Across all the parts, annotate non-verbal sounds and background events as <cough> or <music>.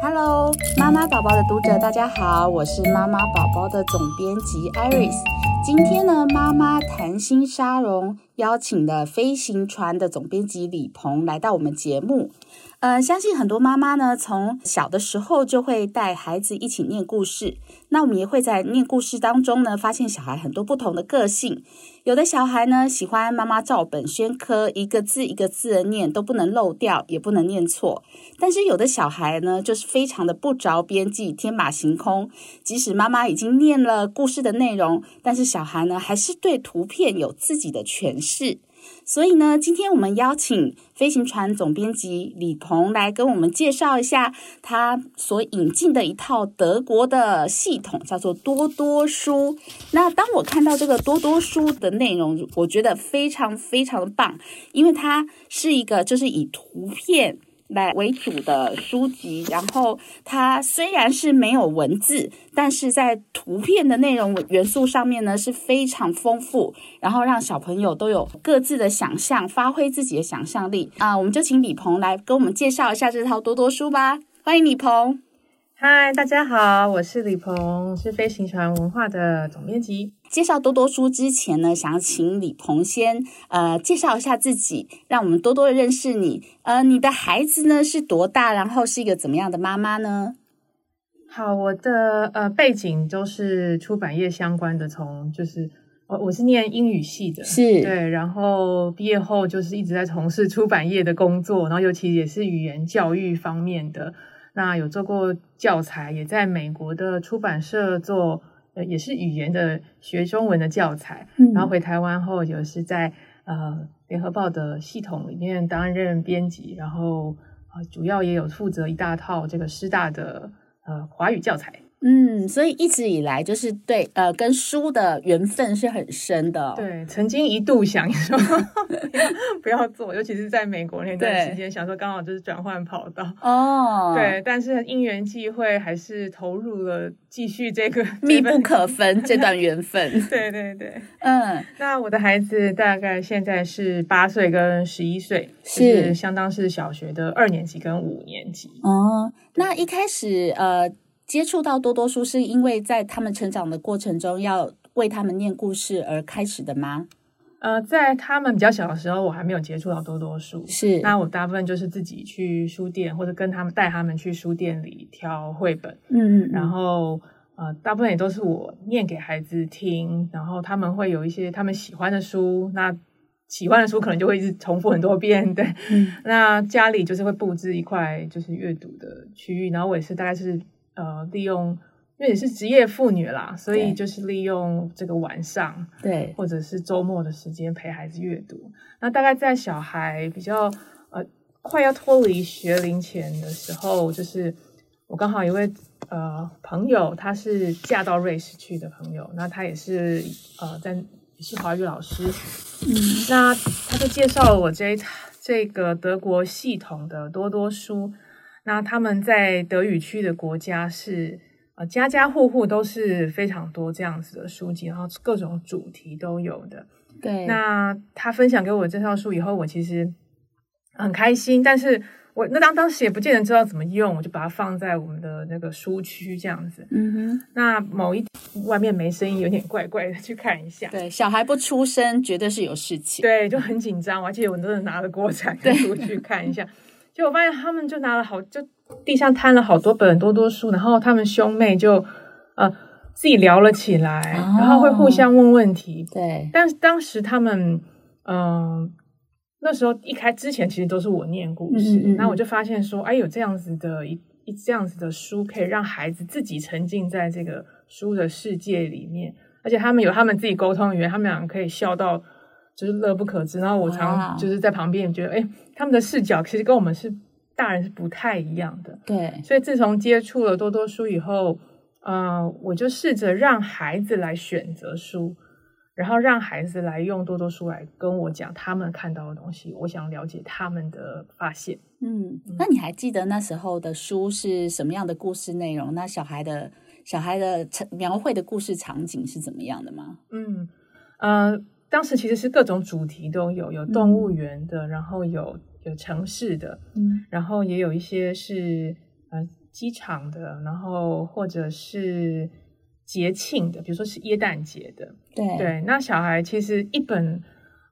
Hello，媽媽寶寶的讀者，大家好，我是媽媽寶寶的總編輯 Iris。今天呢，媽媽談心沙龍，邀請了《飛行船》的總編輯李芃來到我們節目。呃，相信很多媽媽呢，從小的時候就會帶孩子一起念故事。那我們也會在念故事當中呢，發現小孩很多不同的個性。有的小孩呢，喜歡媽媽照本宣科，一個字一個字的念，都不能漏掉，也不能念錯。但是有的小孩呢，就是非常的不着邊際，天馬行空。即使媽媽已經念了故事的內容，但是小孩呢，還是對圖片有自己的詮釋。是，所以呢，今天我們邀請飛行船總編輯李芃來跟我們介紹一下他所引進的一套德國的系統，叫做多多書。那當我看到這個多多書的內容，我覺得非常非常棒，因為它是一個就是以圖片來為主的書籍，然後它雖然是沒有文字，但是在圖片的內容元素上面呢，是非常豐富，然後讓小朋友都有各自的想象，發揮自己的想象力啊、呃！我們就請李芃來跟我們介紹一下這套多多書吧，歡迎李芃。嗨，Hi, 大家好，我是李芃，是飛行船文化的總編輯。介紹多多書之前呢，想請李芃先呃介紹一下自己，讓我們多多的認識你。呃，你的孩子呢是多大？然後是一個怎麼樣的媽媽呢？好，我的呃背景都是出版業相關的，從就是我我是念英語系的，是對，然後畢業後就是一直在從事出版業的工作，然後尤其也是語言教育方面的。那有做過教材，也在美國的出版社做，呃，也是語言的，學中文的教材。嗯嗯，然後回台灣後，就是在呃聯合報的系統裡面擔任編輯，然後呃主要也有負責一大套這個師大的呃華語教材。嗯，所以一直以來就是對，呃，跟書的緣分是很深的，哦。對，曾經一度想說 <laughs> 不要，不要做，尤其是在美國那段時間，想說對剛好就是轉換跑道哦。對，但是因緣際會，還是投入了繼續這個密不可分 <laughs> 這段緣分。對對對，嗯。那我的孩子大概現在是八歲跟十一歲，是，是相當是小學的二年級跟五年級。哦，那一開始呃。接觸到多多書，是因為在他們成長的過程中要為他們念故事而開始的嗎？呃，在他們比較小的時候，我還沒有接觸到多多書。是，那我大部分就是自己去書店，或者跟他們帶他們去書店裡挑繪本，嗯嗯，然後呃，大部分也都是我念給孩子聽，然後他們會有一些他們喜歡的書，那喜歡的書可能就會一直重複很多遍，對，嗯，那家裡就是會布置一塊就是閱讀的區域，然後我也是大概就是。呃，利用，因為也是職業婦女啦，所以就是利用這個晚上，對，或者是周末的時間陪孩子閱讀。對那大概在小孩比較呃快要脫離學齡前的時候，就是我剛好一位呃朋友，她是嫁到瑞士去的朋友，那她也是呃在是華語老師，嗯，那他就介紹了我這一套這個德國系統的多多書。那他們在德語區的國家是，呃，家家戶戶都是非常多這樣子的書籍，然後各種主題都有的。對。那他分享給我這套書以後，我其實很開心，但是我那當當時也不見得知道怎麼用，我就把它放在我們的那個書區這樣子。嗯哼。那某一外面沒聲音，有點怪怪的，去看一下。對，小孩不出聲，絕對是有事情。對，就很緊張，而且我都是拿着鍋鏟出去看一下。就我發現他們就拿了好，就地上攤了好多本多多書，然後他們兄妹就呃自己聊了起來，然後會互相問問題。哦、對，但當時他們嗯、呃、那時候一開之前其實都是我念故事，嗯嗯然後我就發現說，哎，有這樣子的一一這樣子的書，可以讓孩子自己沉浸在這個書的世界裡面，而且他們有他們自己溝通語言，以為他們倆可以笑到，就是樂不可支，然後我常就是在旁邊也覺得，Wow. 誒，他們的視角其實跟我們是大人是不太一樣的。對，所以自從接觸了多多書以後，嗯、呃，我就試着讓孩子來選擇書，然後讓孩子來用多多書來跟我講他們看到的東西，我想了解他們的發現。嗯，嗯那你還記得那時候的書是什麼樣的故事內容？那小孩的小孩的描繪的故事場景是怎麼樣的嗎？嗯，呃。當時其實是各種主題都有，有動物園的，嗯、然後有有城市的，嗯，然後也有一些是呃機場的，然後或者是節慶的，比如說是耶誕節的，對對。那小孩其實一本，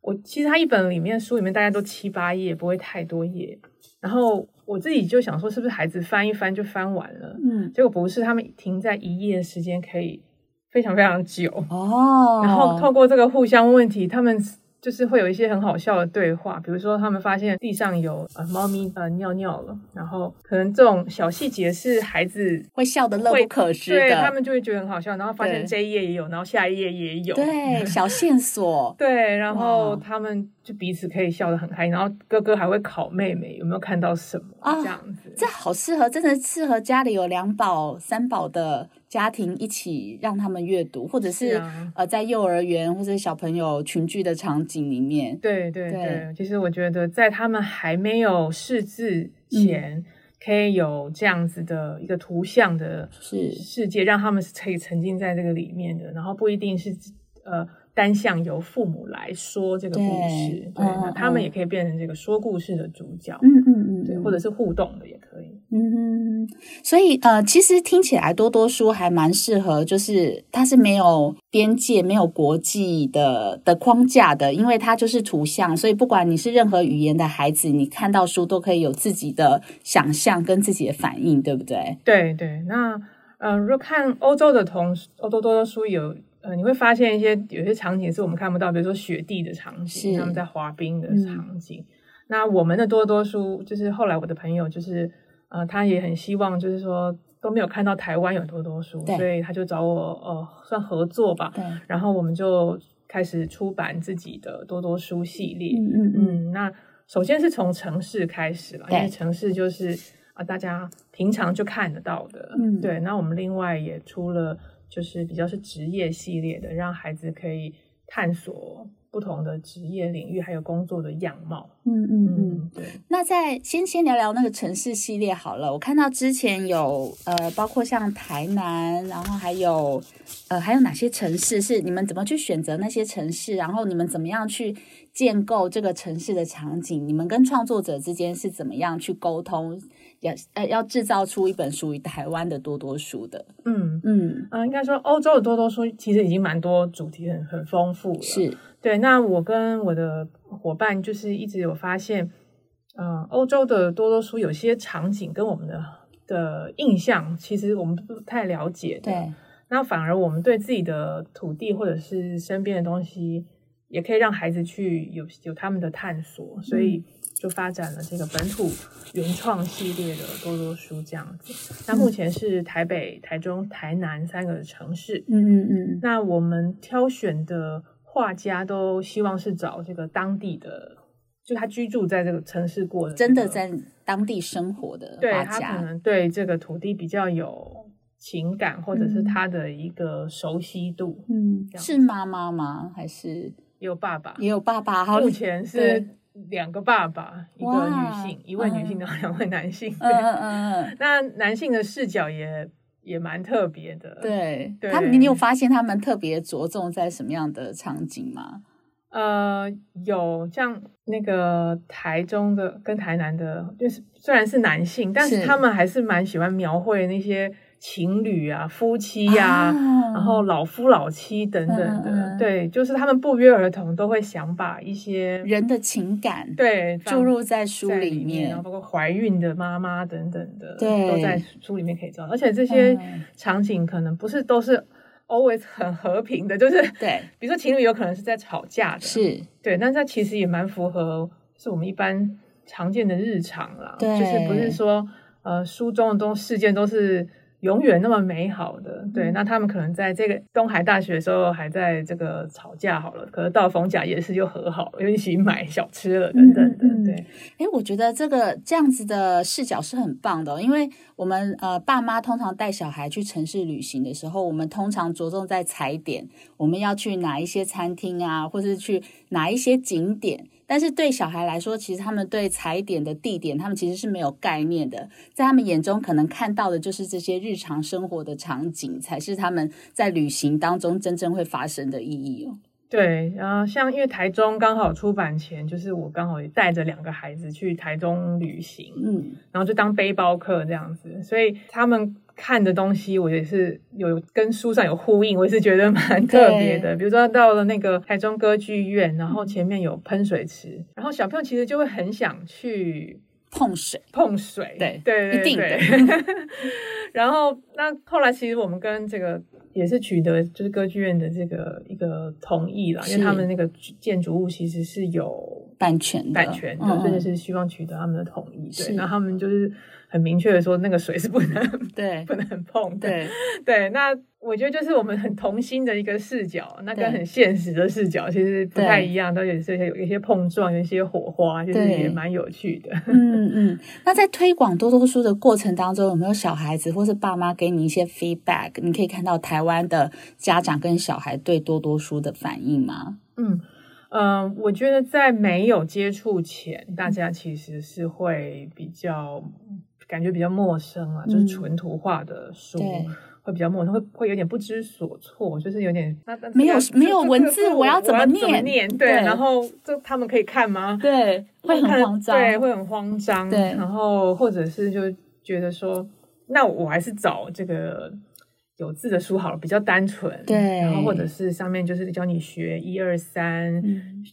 我其實他一本裡面書裡面大概都七八頁，不會太多頁。然後我自己就想說，是不是孩子翻一翻就翻完了？嗯，結果不是，他們停在一頁的時間可以。非常非常久哦，oh, 然後透過這個互相問題，他們就是會有一些很好笑的對話，比如說他們發現地上有呃貓咪呃尿尿了，然後可能這種小細節是孩子會,會笑得樂不可支，對他們就會覺得很好笑，然後發現對這一頁也有，然後下一頁也有，對 <laughs> 小線索，對，然後他們就彼此可以笑得很開心，然後哥哥還會考妹妹有沒有看到什麼啊、oh, 這樣子，這好適合，真的適合家裡有兩寶三寶的。家庭一起讓他們閱讀，或者是,是、啊、呃，在幼兒園或者小朋友群聚的場景裡面，對對對，對其實我覺得在他們還沒有識字前，可以有這樣子的一個圖像的世世界，嗯、讓他們是可以沉浸在這個裡面的，然後不一定是呃。單向由父母來說這個故事，對，對哦、那他們也可以變成這個說故事的主角，嗯嗯嗯，嗯嗯對，或者是互動的也可以，嗯哼，所以呃，其實聽起來多多書還蠻適合，就是它是沒有邊界，沒有國際的的框架的，因為它就是圖像，所以不管你是任何語言的孩子，你看到書都可以有自己的想象跟自己的反應，對不對？對對，那嗯、呃，如果看歐洲的同時歐洲多，多多書有。呃，你會發現一些有些場景是我們看不到，比如說雪地的場景，他們是在滑冰的場景。嗯、那我們的多多書，就是後來我的朋友就是，呃，他也很希望，就是說都沒有看到台灣有多多書，對所以他就找我，呃、哦，算合作吧。對然後我們就開始出版自己的多多書系列。嗯嗯,嗯,嗯那首先是從城市開始了，對因為城市就是啊、呃，大家平常就看得到的。嗯、對。那我們另外也出了。就是比較是職業系列的，讓孩子可以探索不同的職業領域，還有工作的樣貌。嗯嗯嗯，嗯對。那在先先聊聊那個城市系列好了。我看到之前有呃，包括像台南，然後還有呃，還有哪些城市是你們怎麼去選擇那些城市？然後你們怎麼樣去建構這個城市的場景？你們跟創作者之間是怎麼樣去溝通？要呃，要製造出一本屬於台灣的多多書的，嗯嗯，啊、嗯，應該說歐洲的多多書其實已經蠻多主題很很豐富了，是，對。那我跟我的夥伴就是一直有發現，嗯、呃，歐洲的多多書有些場景跟我們的的印象，其實我們不太了解，對。那反而我們對自己的土地或者是身邊的東西。也可以讓孩子去有有他們的探索，嗯、所以就發展了這個本土原創系列的多多書這樣子。那目前是台北、嗯、台中、台南三個城市。嗯嗯嗯。那我們挑選的畫家都希望是找這個當地的，就他居住在這個城市過的、這個，真的在當地生活的畫家，對，他可能對這個土地比較有情感，或者是他的一個熟悉度。嗯，是媽媽嗎？還是？也有爸爸，也有爸爸。目前是兩對個爸爸，一個女性，哇一位女性，嗯、然後兩位男性。嗯嗯嗯。嗯嗯，那男性的視角也也蠻特別的。對，對，他們你有發現他們特別着重在什麼樣的場景嗎？呃，有像那個台中的跟台南的，就是雖然是男性，但是他們還是蠻喜歡描繪那些。情侶啊，夫妻呀，啊，啊、然後老夫老妻等等的，啊、對，就是他們，不約而同都會想把一些人的情感對注入在書裡面，在裡面，然後包括懷孕的媽媽等等的，對都在書裡面可以做。而且這些場景可能不是都是 always 很和平的，就是對，嗯、比如說情侶有可能是在吵架的，是對，但是它其實也蠻符合是我們一般常見的日常啦對就是不是說呃書中的東事件都是。永遠那麼美好的，對。那他們可能在這個東海大學的時候還在這個吵架好了，可能到逢甲夜市就和好了，又一起買小吃了等等等，對，哎、嗯嗯欸，我覺得這個這樣子的視角是很棒的哦，因為我們呃爸媽通常帶小孩去城市旅行的時候，我們通常着重在踩點，我們要去哪一些餐廳啊，或是去哪一些景點。但是對小孩來說，其實他們對踩點的地點，他們其實是沒有概念的。在他們眼中，可能看到的就是這些日常生活的場景，才是他們在旅行當中真正會發生的意義哦。對，呃，然後像因為台中剛好出版前，就是我剛好也帶着兩個孩子去台中旅行，嗯，然後就當背包客這樣子，所以他們。看的東西，我也是有跟書上有呼應，我也是覺得蠻特別的。對比如說到了那個台中歌劇院，然後前面有噴水池，然後小朋友其實就會很想去碰水，碰水，碰水對，對對，對一定的。 <laughs> 然後那後來其實我們跟這個也是取得就是歌劇院的這個一個同意了，是因為他們那個建築物其實是有版權，版權的，真的，所以就是希望取得他們的同意。嗯、對，的然後他們就是。很明確的說，那個水是不能對， <laughs> 不能碰。對對，那我覺得就是我們很童心的一個視角，對那個很現實的視角其實不太一樣，倒對也是有一些碰撞，有一些火花，對其實也蠻有趣的。 <laughs> 嗯嗯，那在推廣多多書的過程當中，有沒有小孩子或是爸媽給你一些 feedback？你可以看到台灣的家長跟小孩對多多書的反應嗎？嗯嗯、呃，我覺得在沒有接觸前，嗯、大家其實是會比較。感覺比較陌生啊，就是純圖畫的書會比較陌生，會會有點不知所措，就是有點沒有沒有文字，我要怎麼念？對，然後就他們可以看嗎？對，會很慌張，對，會很慌張。對，然後或者是就覺得說，那我還是找這個有字的書好了，比較單純。對，然後或者是上面就是教你學一二三，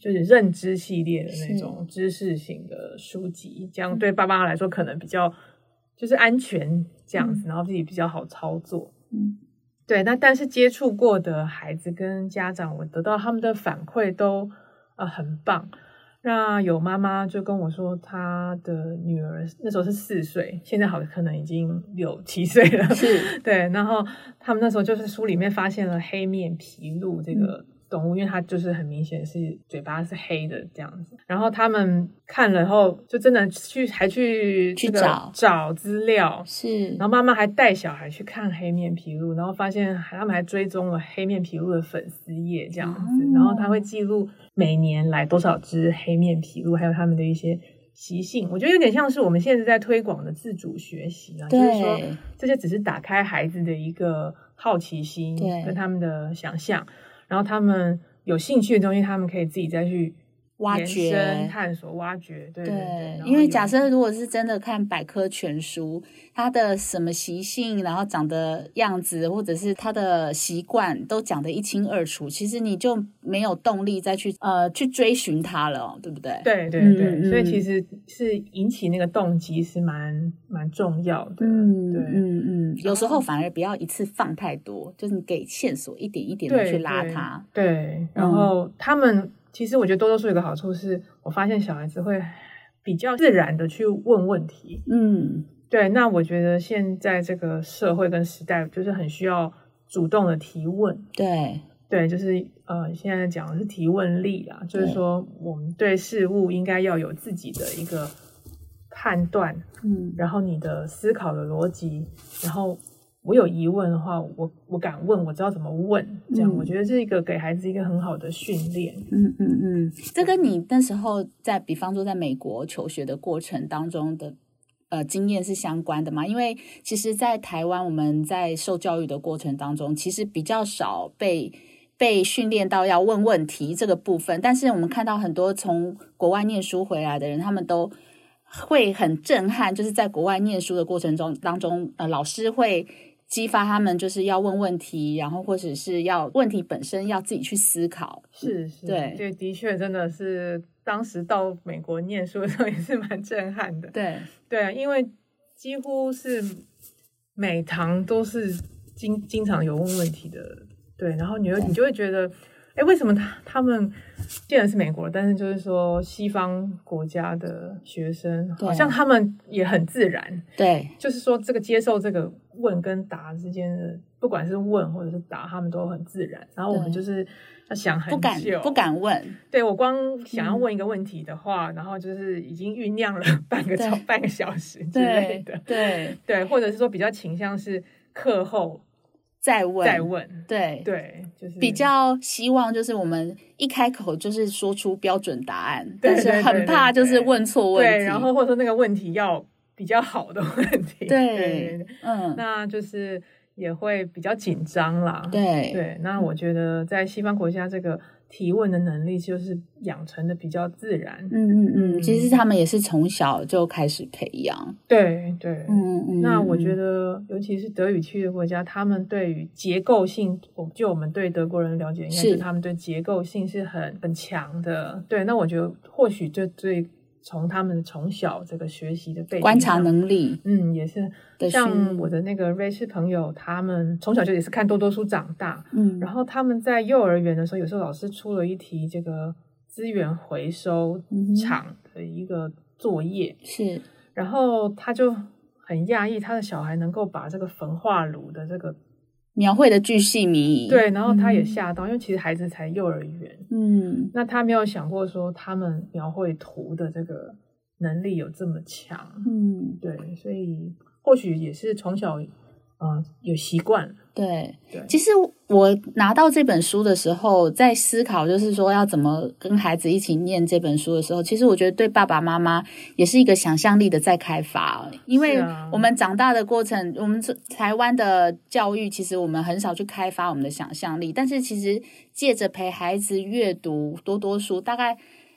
就是認知系列的那種知識型的書籍，這樣對爸爸媽媽來說可能比較。就是安全這樣子，然後自己比較好操作。嗯，對。那但是接觸過的孩子跟家長，我得到他們的反饋都啊、呃、很棒。那有媽媽就跟我說，她的女兒那時候是四歲，現在好像可能已經有七歲了。嗯、對。然後他們那時候就是書裡面發現了黑面琵鷺這個。嗯動物，因為它就是很明顯是嘴巴是黑的這樣子。然後他們看了後，就真的去還去去找找資料，是。然後媽媽還帶小孩去看黑面琵鷺，然後發現他們還追蹤了黑面琵鷺的粉絲頁這樣子。然後他會記錄每年來多少隻黑面琵鷺，還有他們的一些習性。我覺得有點像是我們現在在推廣的自主學習啊，就是說這些只是打開孩子的一個好奇心，跟他們的想象。然後他們有興趣的東西，他們可以自己再去，挖掘、探索、挖掘，對對，因為假設如果是真的看百科全書，它的什麼習性，然後長的樣子，或者是它的習慣，都講得一清二楚，其實你就沒有動力再去呃去追尋它了，對不對？對對對，嗯、所以其實是引起那個動機是蠻蠻重要的。嗯，對，嗯嗯，有時候反而不要一次放太多，就是你給線索一點一點的去拉它。對，對，對，然後、嗯、他們。其實我覺得多多書有個好處，是我發現小孩子會比較自然的去問問題。嗯，對。那我覺得現在這個社會跟時代就是很需要主動的提問。對，對，就是呃，現在講的是提問力啊，對就是說我們對事物應該要有自己的一個判斷。嗯，然後你的思考的邏輯，然後。我有疑問的話，我我敢問，我知道怎麼問，這樣我覺得這個給孩子一個很好的訓練。嗯嗯嗯，這跟你那時候在，比方說在美國求學的過程當中的，呃，經驗是相關的嘛？因為其實，在台灣我們在受教育的過程當中，其實比較少被被訓練到要問問題這個部分。但是我們看到很多從國外念書回來的人，他們都會很震撼，就是在國外念書的過程中當中，呃，老師會。激發他們就是要問問題，然後或者是要問題本身要自己去思考。是，是對，這的確真的是當時到美國念書的時候也是蠻震撼的。對，對，因為幾乎是每堂都是經經常有問問題的。對，然後你又對你就會覺得。哎，為什麼他他們既然是美國，但是就是說西方國家的學生，對好像他們也很自然，對，就是說這個接受這個問跟答之間的，不管是問或者是答，他們都很自然。然後我們就是要想很久不敢，不敢問。對，我光想要問一個問題的話，嗯、然後就是已經醞釀了半個小對半個小時之類的，對對，對，或者是說比較傾向是課後。再問，再問，對對，就是比較希望，就是我們一開口就是說出標準答案，對，但是很怕就是問錯問題，對，然後或者說那個問題要比較好的問題，對，對對對，嗯，那就是也會比較緊張啦，對對，那我覺得在西方國家這個。提問的能力就是養成的比較自然。嗯嗯嗯，嗯其實他們也是從小就開始培養。對對，嗯嗯。那我覺得，尤其是德語區的國家，他們對於結構性，就我們對德國人的了解，應該是他們對結構性是很很強的。對，那我覺得或許這最。從他們從小這個學習的背景、觀察能力，嗯，也是，是像我的那個瑞士朋友，他們從小就也是看多多書長大，嗯，然後他們在幼兒園的時候，有時候老師出了一題這個資源回收廠的一個作業，是、嗯哼，然後他就很訝異他的小孩能夠把這個焚化爐的這個。描繪的巨細靡遺，對，然後他也嚇到，嗯、因為其實孩子才幼兒園，嗯，那他沒有想過說他們描繪圖的這個能力有這麼強，嗯，對，所以或許也是從小。啊、嗯，有習慣對對。對，其實我拿到這本書的時候，在思考，就是說要怎麼跟孩子一起念這本書的時候，其實我覺得對爸爸媽媽也是一個想象力的再開發，因為我們長大的過程，啊、我們台灣的教育其實我們很少去開發我們的想象力，但是其實借着陪孩子閱讀多多書，大概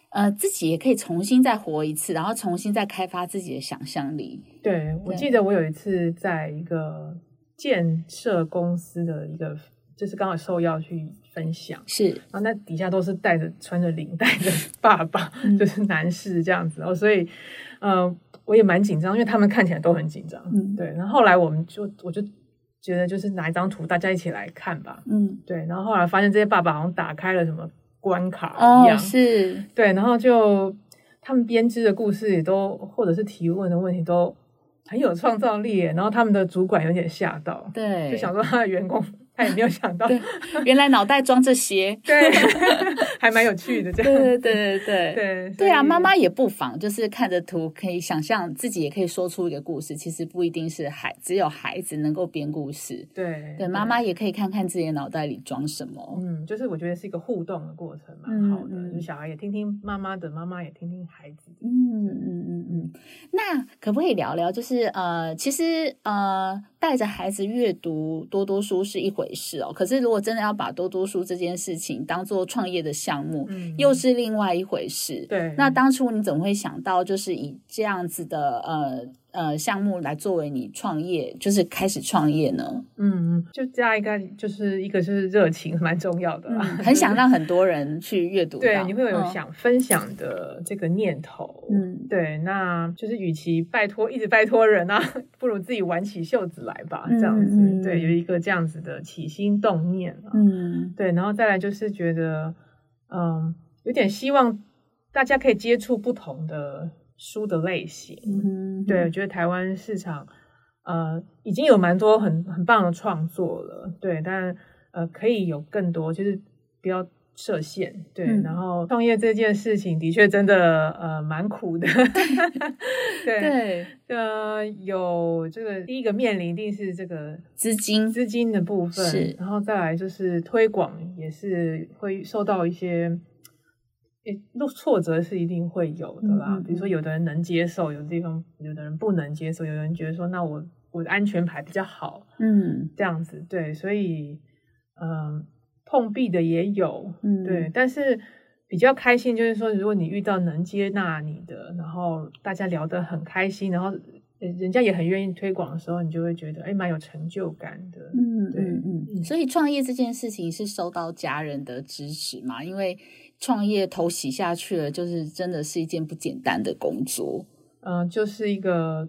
呃自己也可以重新再活一次，然後重新再開發自己的想象力。對，對我記得我有一次在一個。建設公司的一個，就是剛好受邀去分享，是，然後那底下都是帶着、穿着領帶的爸爸，嗯、就是男士這樣子，哦，所以，嗯、呃、我也蠻緊張，因為他們看起來都很緊張，嗯，對。然後後來我們就我就覺得，就是拿一張圖，大家一起來看吧，嗯，對。然後後來發現這些爸爸好像打開了什麼關卡一樣，哦、是，對。然後就他們編織的故事也都，或者是提問的問題都。很有創造力耶，然後他們的主管有點嚇到，對就想說他的員工。他也沒有想到 <laughs> <laughs> 對，原來腦袋裝這些， <laughs> 對，還蠻有趣的。這樣，對對對對對對啊！媽媽也不妨，就是看着圖，可以想象自己也可以說出一個故事。其實不一定是孩子，只有孩子能夠編故事。對對，媽媽也可以看看自己的腦袋裡裝什麼。嗯，就是我覺得是一個互動的過程，蠻好的。嗯、就小孩也聽聽媽媽的，媽媽也聽聽孩子的。嗯嗯嗯是嗯，那可不可以聊聊？就是呃，其實呃。帶着孩子閱讀多多書是一回事哦，可是如果真的要把多多書這件事情當做創業的項目，嗯，又是另外一回事。對，那當初你怎麼會想到就是以這樣子的呃？呃，項目來作為你創業，就是開始創業呢？嗯，就這樣一個，就是一個就是熱情，蠻重要的，啊嗯。很想讓很多人去閱讀。對，你會有想分享的這個念頭。嗯、哦，對，那就是與其拜託一直拜託人啊，不如自己挽起袖子來吧，嗯、這樣子。對，有一個這樣子的起心動念，啊。嗯，對，然後再來就是覺得，嗯、呃，有點希望大家可以接觸不同的。書的類型，嗯、哼對，我覺得台灣市場，呃，已經有蠻多很很棒的創作了，對，但呃，可以有更多，就是不要設限，對。嗯、然後創業這件事情的確真的呃蠻苦的，對，呃，有這個第一個面臨一定是這個資金資金的部分，是然後再來就是推廣也是會受到一些。誒，都挫折是一定會有的啦。嗯嗯、比如說，有的人能接受，有的地方有的人不能接受。有的人覺得說，那我我的安全牌比較好，嗯，這樣子對。所以，嗯，碰壁的也有，嗯、對。但是比較開心就是說，如果你遇到能接納你的，然後大家聊得很開心，然後人家也很願意推廣的時候，你就會覺得誒，蠻有成就感的。嗯嗯嗯。對，嗯嗯，所以創業這件事情是受到家人的支持嘛？因為。創業頭洗下去了，就是真的是一件不簡單的工作。嗯、呃，就是一個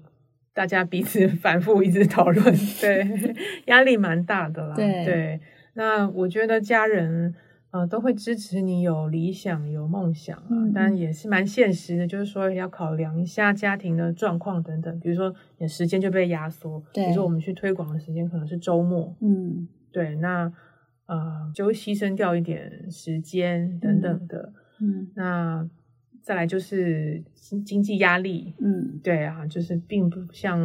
大家彼此反覆一直討論，對， <laughs> 壓力蠻大的啦。對，對，那我覺得家人啊、呃、都會支持你有理想有夢想啊，嗯、但也是蠻現實的，就是說要考量一下家庭的狀況等等。比如說，你時間就被壓縮，對比如說我們去推廣的時間可能是周末。嗯，對，那。啊、呃，就會犧牲掉一點時間等等的，嗯，嗯，那再來就是經經濟壓力，嗯，對啊，就是並不像，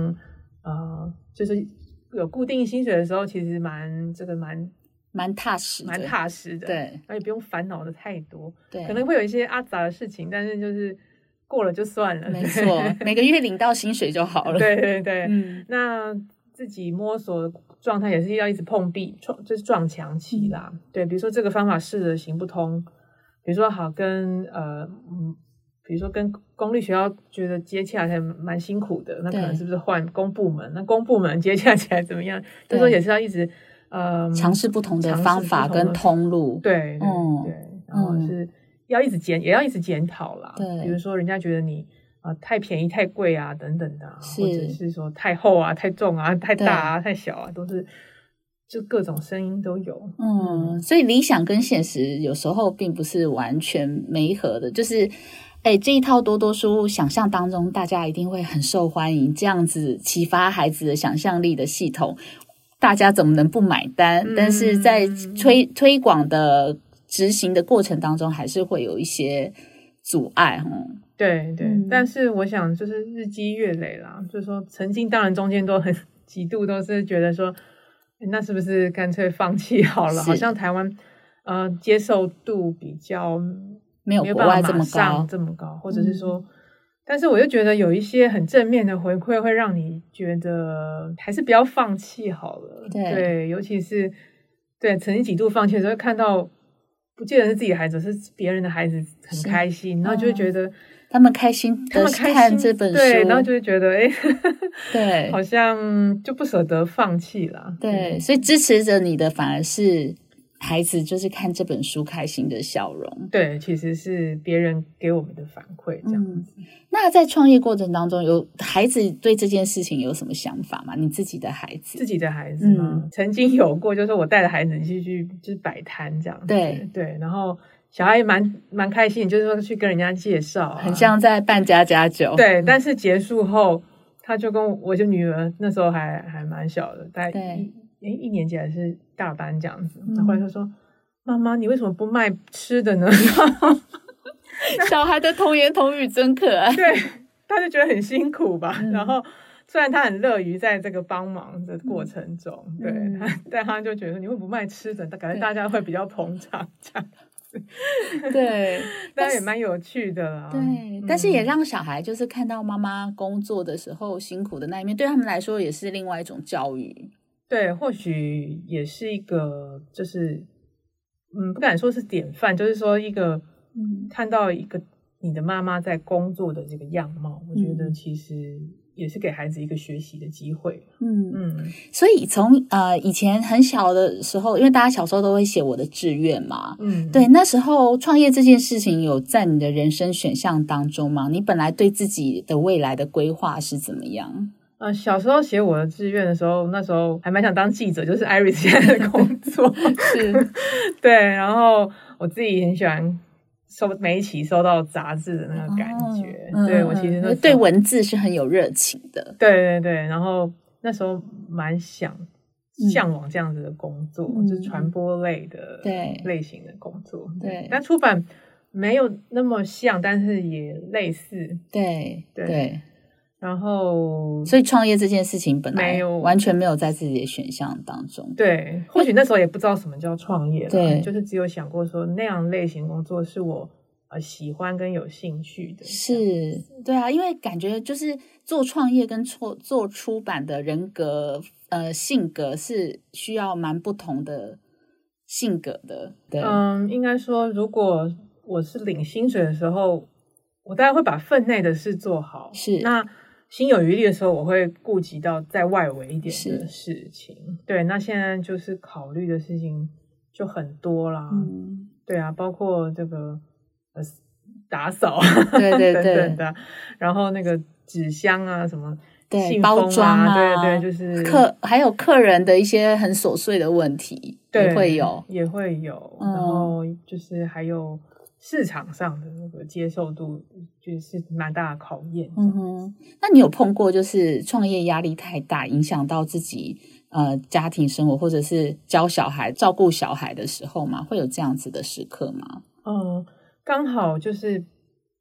呃，就是有固定薪水的時候，其實蠻這個蠻蠻踏實，蠻踏實的，對，而且不用煩惱的太多，對，可能會有一些阿雜的事情，但是就是過了就算了，沒錯，每個月領到薪水就好了， <laughs> 對，對對對，嗯，那自己摸索。狀態也是要一直碰壁，撞就是撞牆期啦。嗯、對，比如說這個方法試着行不通，比如說好跟呃，比如說跟公立學校覺得接洽起來蠻蠻辛苦的，那可能是不是換公部門？對那公部門接洽起來怎麼樣？就對說也是要一直呃嘗試不同的方法跟通路。通路對，對，嗯，對，對，然後是要一直檢，嗯、也要一直檢討啦。對，比如說人家覺得你，啊、呃，太便宜，太貴啊，等等的，啊，是或者是說太厚啊，太重啊，太大啊、對太小啊，都是，就各種聲音都有。嗯，嗯所以理想跟現實有時候並不是完全媒合的，就是，誒、欸，這一套多多書想象當中，大家一定會很受歡迎，這樣子啟發孩子的想象力的系統，大家怎麼能不買單？嗯、但是在推推廣的執行的過程當中，還是會有一些阻礙，嗯。對對，對嗯、但是我想就是日積月累啦，就是說曾經當然中間都很幾度都是覺得說，那是不是乾脆放棄好了？是好像台灣呃接受度比較沒有，沒有辦法上這麼高，這麼高，或者是說，嗯、但是我又覺得有一些很正面的回饋，會讓你覺得還是不要放棄好了。對，對，尤其是對曾經幾度放棄，的時候，看到不見得是自己的孩子是別人的孩子很開心，是然後就會覺得。嗯他們，他們開心，的看這本書，對，然後就會覺得，哎、欸，呵呵對，好像就不捨得放棄了。對，嗯、所以支持着你的反而是孩子，就是看這本書開心的笑容。對，其實是別人給我們的反饋，這樣子。嗯、那在創業過程當中，有孩子對這件事情有什麼想法嗎？你自己的孩子，自己的孩子嗎、嗯、曾經有過，就是我帶着孩子去去就是擺攤這樣。對對，然後。小孩也蠻蠻開心，就是說去跟人家介紹、啊，很像在扮家家酒。對，但是結束後，他就跟我，我就女兒那時候還還蠻小的，在一對誒一年級還是大班這樣子。嗯、然後來他說：“媽媽，你為什麼不賣吃的呢？”嗯、 <laughs> 那小孩的童言童語真可愛。對，他就覺得很辛苦吧。嗯、然後雖然他很樂於在這個幫忙的過程中，嗯、對他，但他就覺得說你會不賣吃的？感覺大家會比較捧場。”這樣。 <laughs> 對，那是也蠻有趣的啦。對，嗯、但是也讓小孩就是看到媽媽工作的時候辛苦的那一面，對他們來說也是另外一種教育。對，或許也是一個，就是嗯，不敢說是典範，就是說一個，嗯，看到一個你的媽媽在工作的這個樣貌，嗯、我覺得其實。也是給孩子一個學習的機會，嗯嗯。嗯，所以從呃以前很小的時候，因為大家小時候都會寫我的志願嘛，嗯。對，那時候創業這件事情有在你的人生選項當中嗎？你本來對自己的未來的規劃是怎麼樣？嗯、呃，小時候寫我的志願的時候，那時候還蠻想當記者，就是艾瑞斯現在的工作， <laughs> 是 <laughs> 對。然後我自己很喜歡。收每一期收到雜誌的那個感覺，啊、對，我其實、嗯、對文字是很有熱情的。對對對，然後那時候蠻想向往這樣子的工作，嗯、就是傳播類的對類型的工作。嗯、對，對但出版沒有那麼像，但是也類似。對對。對對然後，所以創業這件事情本來完全沒有在自己的選項當中。對，或許那時候也不知道什麼叫創業，對，就是只有想過說那樣類型工作是我呃喜歡跟有興趣的。是，對啊，因為感覺就是做創業跟做做出版的人格呃性格是需要蠻不同的性格的。對，嗯，應該說，如果我是領薪水的時候，我大概會把分內的事做好。是，那。心有餘力的時候，我會顧及到在外圍一點的事情。是對，那現在就是考慮的事情就很多啦。嗯，對啊，包括這個呃打掃，對對對 <laughs> 等等的，然後那個紙箱啊什麼信封啊，對，包裝啊，對，對對，就是客還有客人的一些很瑣碎的問題，對，會有，也會有，嗯，然後就是還有市場上的那個接受度就是蠻大的考驗。嗯哼，那你有碰過就是創業壓力太大，影響到自己呃家庭生活，或者是教小孩、照顧小孩的時候嗎？會有這樣子的時刻嗎？嗯，剛好就是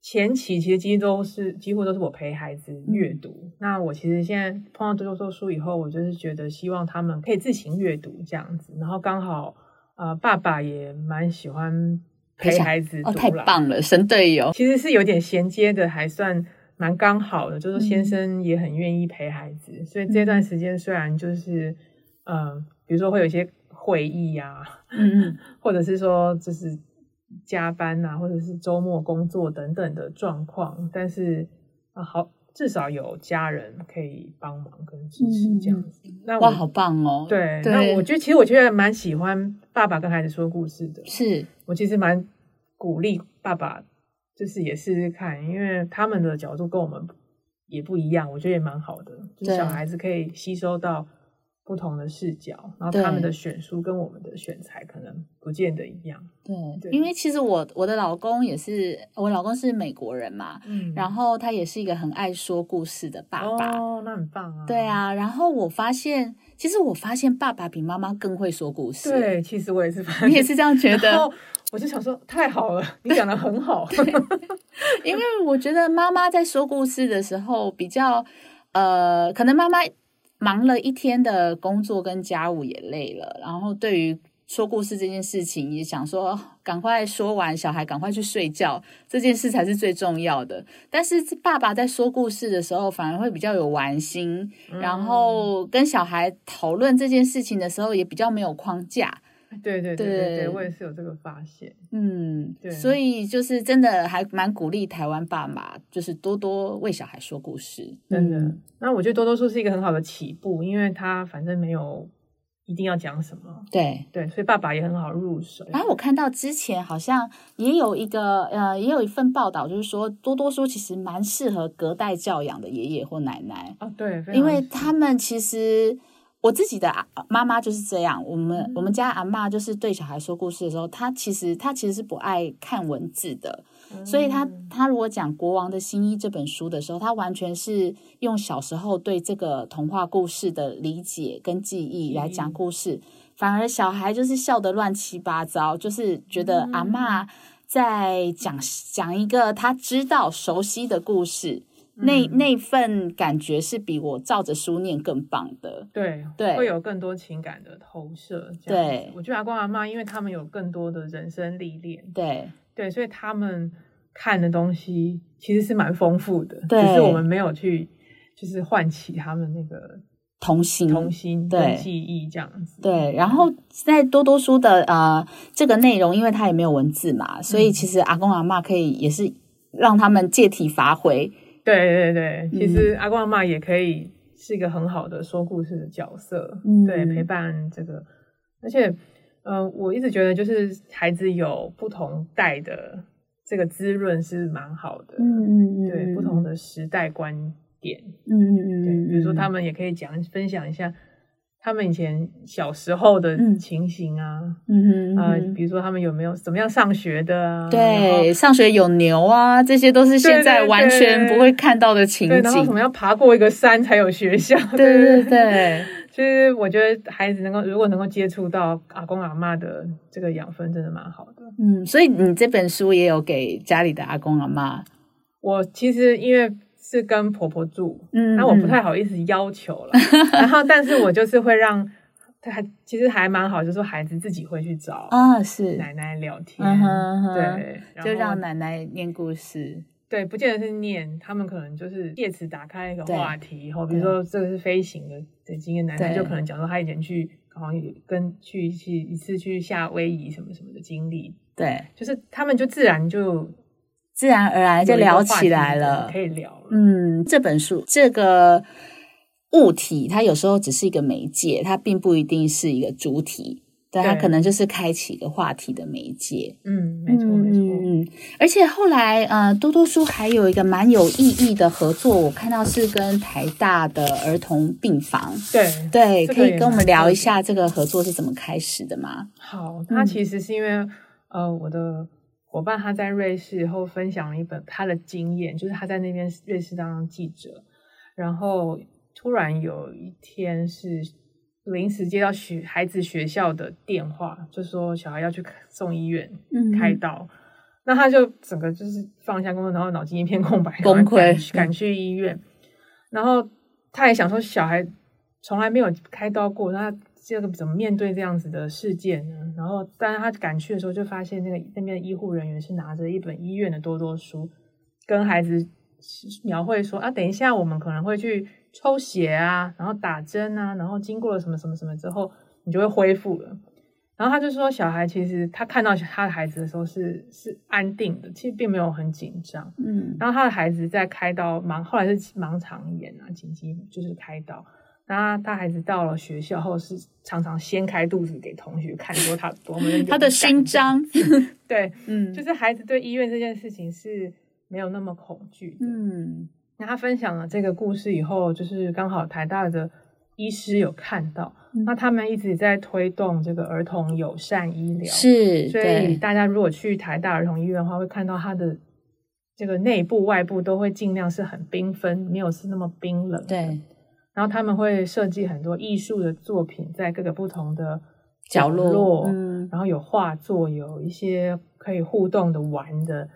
前期其實幾乎都是幾乎都是我陪孩子閱讀。嗯、那我其實現在碰到讀多多書以後，我就是覺得希望他們可以自行閱讀這樣子。然後剛好啊、呃，爸爸也蠻喜歡。陪孩子、哦、太棒了，神隊友。其實是有點銜接的，還算蠻剛好的。就是說先生也很願意陪孩子，嗯、所以這段時間雖然就是，嗯，比如說會有一些會議呀，嗯、或者是說就是加班吶、啊，或者是周末工作等等的狀況，但是啊，好。至少有家人可以幫忙跟支持這樣子，嗯、那我哇，好棒哦！對，對，那我覺得其實我覺得蠻喜歡爸爸跟孩子說故事的，是我其實蠻鼓勵爸爸，就是也試試看，因為他們的角度跟我們也不一樣，我覺得也蠻好的，就小孩子可以吸收到。不同的視角，然後他們的選書跟我們的選材可能不見得一樣。對，對，因為其實我我的老公也是，我老公是美國人嘛，嗯，然後他也是一個很愛說故事的爸爸。哦，那很棒啊！對啊，然後我發現，其實我發現爸爸比媽媽更會說故事。對，其實我也是發現，你也是這樣覺得？然後我就想說，太好了，你講得很好。 <laughs> 因為我覺得媽媽在說故事的時候比較，呃，可能媽媽。忙了一天的工作跟家務也累了，然後對於說故事這件事情也想說趕快說完，小孩趕快去睡覺，這件事才是最重要的。但是爸爸在說故事的時候，反而會比較有玩心，嗯。然後跟小孩討論這件事情的時候，也比較沒有框架。對，對對對對，對我也是有這個發現。嗯，對，所以就是真的還蠻鼓勵台灣爸媽，就是多多為小孩說故事，真的。嗯、那我覺得多多書是一個很好的起步，因為他反正沒有一定要講什麼，對對，所以爸爸也很好入手。然後、啊、我看到之前好像也有一個呃，也有一份報道，就是說多多書其實蠻適合隔代教養的爺爺或奶奶啊，對，因為他們其實。我自己的阿媽媽就是這樣，我們、嗯、我們家阿嬤，就是對小孩說故事的時候，她其實她其實是不愛看文字的，嗯、所以她她如果講《國王的新衣》這本書的時候，她完全是用小時候對這個童話故事的理解跟記憶來講故事，嗯、反而小孩就是笑得亂七八糟，就是覺得阿嬤在講講、嗯、一個他知道熟悉的故事。那那份感覺是比我照着書念更棒的，對，對，會有更多情感的投射。對，我覺得阿公阿媽，因為他們有更多的人生歷練，對對，所以他們看的東西其實是蠻豐富的，對只是我們沒有去，就是喚起他們那個童心對童心的記憶這樣子。對，然後現在多多書的啊、呃、這個內容，因為它也沒有文字嘛，所以其實阿公阿媽可以也是讓他們借題發揮。對對對，其實阿公阿嬤也可以是一個很好的說故事的角色，嗯、對，陪伴這個，而且，嗯、呃，我一直覺得就是孩子有不同代的這個滋潤是蠻好的，嗯嗯嗯，對，嗯、不同的時代觀點，嗯嗯嗯，對嗯比如說他們也可以講分享一下，他們以前小時候的情形啊，嗯啊，比如說他們有沒有怎麼樣上學的啊？對，然後上學有牛啊，這些都是現在完全不會看到的情景。對對對，然後，為什麼要爬過一個山才有學校？對對，對對。其實，我覺得孩子能夠如果能夠接觸到阿公阿嬤的這個養分，真的蠻好的。嗯，所以你這本書也有給家裡的阿公阿嬤。我其實因為。是跟婆婆住，嗯，那我不太好意思要求了，嗯、 <laughs> 然後但是我就是會讓他，其實還蠻好，就是說，孩子自己會去找啊，是奶奶聊天，嗯、哼對，就讓奶奶念故事，對，不見得是念，他們可能就是借此打開一個話題，以後對比如說這個是飛行的的經驗，男生對就可能講說他以前去好像跟去去一次去夏威夷什麼什麼的經歷，對，就是他們就自然就自然而然就聊起來了，可以聊。嗯，這本書，這個物體，它有時候只是一個媒介，它並不一定是一個主體，對，它可能就是開啟一個話題的媒介。嗯，沒錯沒錯。嗯，而且後來，呃，多多書還有一個蠻有意義的合作，我看到是跟台大的兒童病房。對對，對，可以跟我們聊一下這個合作是怎麼開始的嗎？好，它其實是因為，嗯、呃，我的。夥伴他在瑞士，然後分享了一本他的經驗，就是他在那邊瑞士當記者，然後突然有一天是臨時接到學孩子學校的電話，就說小孩要去送醫院開刀，嗯、那他就整個就是放下工作，然後腦筋一片空白，然後趕趕愧去醫院，然後他也想說小孩從來沒有開刀過，那。這個怎麼面對這樣子的事件呢？然後，當他趕去的時候，就發現那個那邊的醫護人員是拿着一本醫院的多多書，跟孩子描繪說啊，等一下我們可能會去抽血啊，然後打針啊，然後經過了什麼什麼什麼之後，你就會恢復了。然後他就說，小孩其實他看到他的孩子的時候是是安定的，其實並沒有很緊張。嗯，然後他的孩子在開刀盲，後來是盲腸炎啊，緊急就是開刀。那他孩子到了學校後，是常常掀開肚子給同學看，說他多麼。他的勳章，對，嗯，就是孩子對醫院這件事情是沒有那麼恐懼的。嗯，那他分享了這個故事以後，就是剛好台大的醫師有看到，嗯，那他們一直在推動這個兒童友善醫療，是，所以大家如果去台大兒童醫院的話，會看到他的這個內部外部都會盡量是很繽紛，沒有是那麼冰冷。對。然後他們會設計很多藝術的作品，在各個不同的角落，角落，嗯，然後有畫作，有一些可以互動的玩的，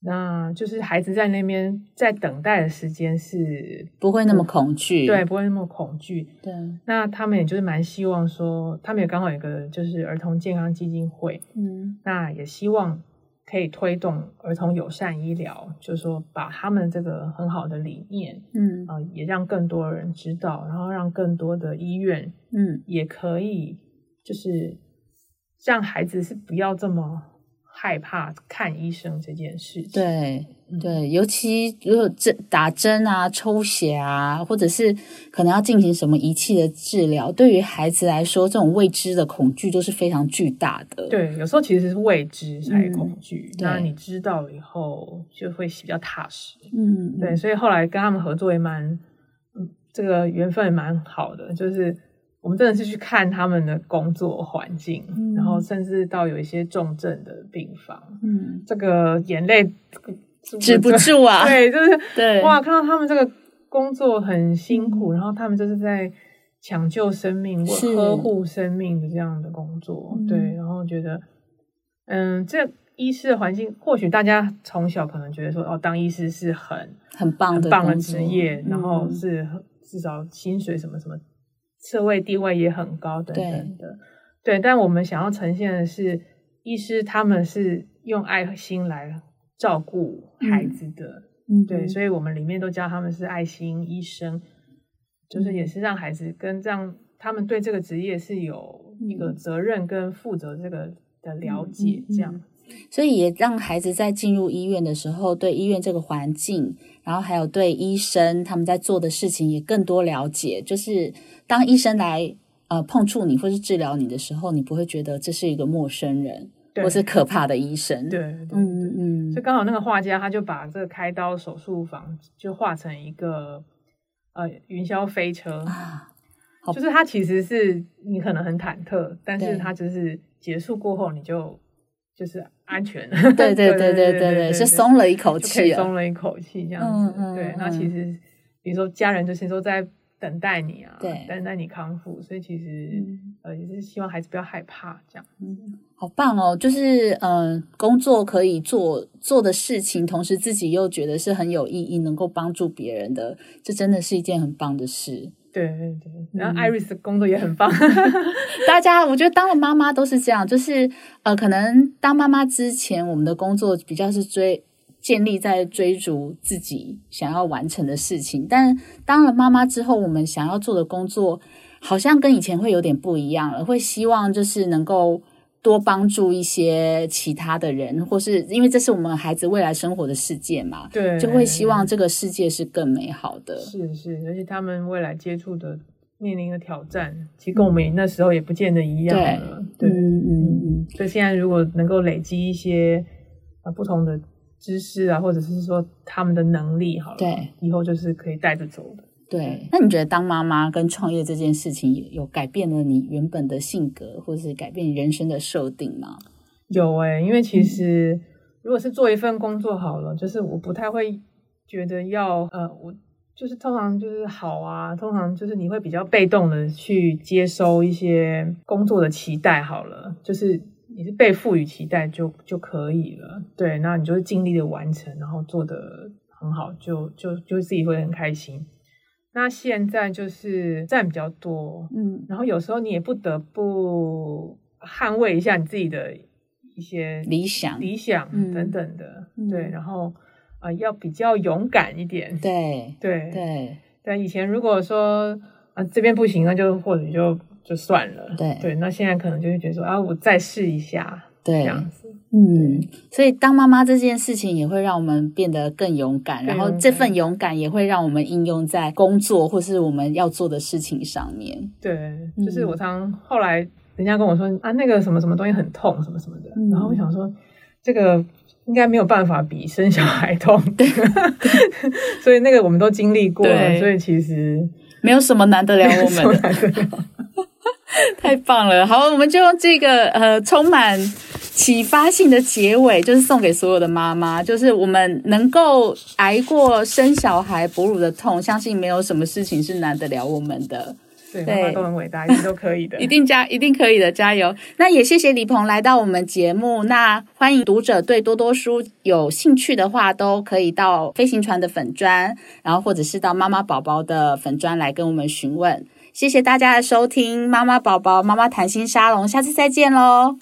那就是孩子在那邊在等待的時間是不，不會那麼恐懼，對，不會那麼恐懼，對。那他們也就是蠻希望說，他們也剛好有一個就是兒童健康基金會，嗯，那也希望。可以推動兒童友善醫療，就是說把他們這個很好的理念，嗯啊、呃，也讓更多人知道，然後讓更多的醫院，嗯，也可以就是讓孩子是不要這麼害怕看醫生這件事情，對。對，尤其如果針打針啊、抽血啊，或者是可能要進行什麼儀器的治療，對於孩子來說，這種未知的恐懼都是非常巨大的。對，有時候其實是未知才恐懼，嗯、那你知道了以後就會比較踏實。嗯，對，所以後來跟他們合作也蠻，嗯、這個緣分也蠻好的，就是我們真的是去看他們的工作環境，嗯、然後甚至到有一些重症的病房，嗯，這個眼淚、這個止不住啊！對，就是對哇！看到他們這個工作很辛苦，然後他們就是在搶救生命、是呵護生命的這樣的工作。嗯、對，然後覺得，嗯，這醫師的環境或許大家從小可能覺得說，哦，當醫師是很很棒的很棒的職業，然後是、嗯、至少薪水什麼什麼、社會地位也很高等等的。對，對，但我們想要呈現的是，醫師他們是用愛心來。照顧孩子的，嗯、對，嗯、所以我們裡面都教他們是愛心醫生，嗯、就是也是讓孩子跟這樣，他們對這個職業是有一個責任跟負責這個的了解，嗯、這樣，所以也讓孩子在進入醫院的時候，對醫院這個環境，然後還有對醫生他們在做的事情也更多了解，就是當醫生來呃碰觸你或是治療你的時候，你不會覺得這是一個陌生人。我對是可怕的醫生，對，嗯嗯嗯，就、嗯、剛好那個畫家他就把這個開刀手術房就畫成一個呃雲霄飛車，啊，就是他其實是你可能很忐忑。對但是他就是結束過後你就就是安全了對。對對對對對對，對對對對就鬆了一口氣，鬆了一口氣這樣子，嗯嗯、對，那其實比如說家人就是說在。等待你啊，對，等待你康復。所以其實、嗯、呃，也是希望孩子不要害怕這樣。嗯，好棒哦！就是呃，工作可以做做的事情，同時自己又覺得是很有意義，能夠幫助別人的，這真的是一件很棒的事。對對對，然後 Iris 工作也很棒。嗯、 <laughs> 大家，我覺得當了媽媽都是這樣，就是呃，可能當媽媽之前，我們的工作比較是追。建立在追逐自己想要完成的事情，但當了媽媽之後，我們想要做的工作好像跟以前會有點不一樣了。會希望就是能夠多幫助一些其他的人，或是，因為這是我們孩子未來生活的世界嘛，對，就會希望這個世界是更美好的。是是，而且他們未來接觸的面臨的挑戰，其實跟我們那時候也不見得一樣。對。嗯嗯對嗯。嗯嗯，所以現在如果能夠累積一些，啊，不同的。知識啊，或者是說他們的能力好了，對，以後就是可以帶着走的。對，那你覺得當媽媽跟創業這件事情有，有改變了你原本的性格，或是改變人生的設定嗎？有誒、欸，因為其實、嗯、如果是做一份工作好了，就是我不太會覺得要呃，我就是通常就是好啊，通常就是你會比較被動的去接收一些工作的期待好了，就是。你是被賦予期待就就可以了，對，那你就是盡力的完成，然後做得很好，就就就自己會很開心。那現在就是戰比較多，嗯，然後有時候你也不得不捍衛一下你自己的一些理想、理想、嗯、等等的，嗯、對，然後啊、呃、要比較勇敢一點，對，對對。但對以前如果說啊、呃、這邊不行，那就或者就。就算了，對對，那現在可能就會覺得說啊，我再試一下，對這樣子，嗯，所以當媽媽這件事情也會讓我們變得更勇敢，然後這份勇敢也會讓我們應用在工作或是我們要做的事情上面。對，就是我常，後來人家跟我說啊，那個什麼什麼東西很痛，什麼什麼的，然後我想說這個應該沒有辦法比生小孩痛，對。所以那個我們都經歷過了，所以其實沒有什麼難得了我們的。 <laughs> 太棒了！好，我們就用這個呃充滿啟發性的結尾，就是送給所有的媽媽，就是我們能夠挨過生小孩哺乳的痛，相信沒有什麼事情是難得了我們的。對，媽媽對都很偉大，一定都可以的， <laughs> 一定加一定可以的，加油！那也謝謝李芃來到我們節目。那歡迎讀者對多多書有興趣的話，都可以到飛行船的粉專，然後或者是到媽媽寶寶的粉專來跟我們詢問。謝謝大家的收聽，媽媽寶寶，媽媽談心沙龍，下次再見嘍。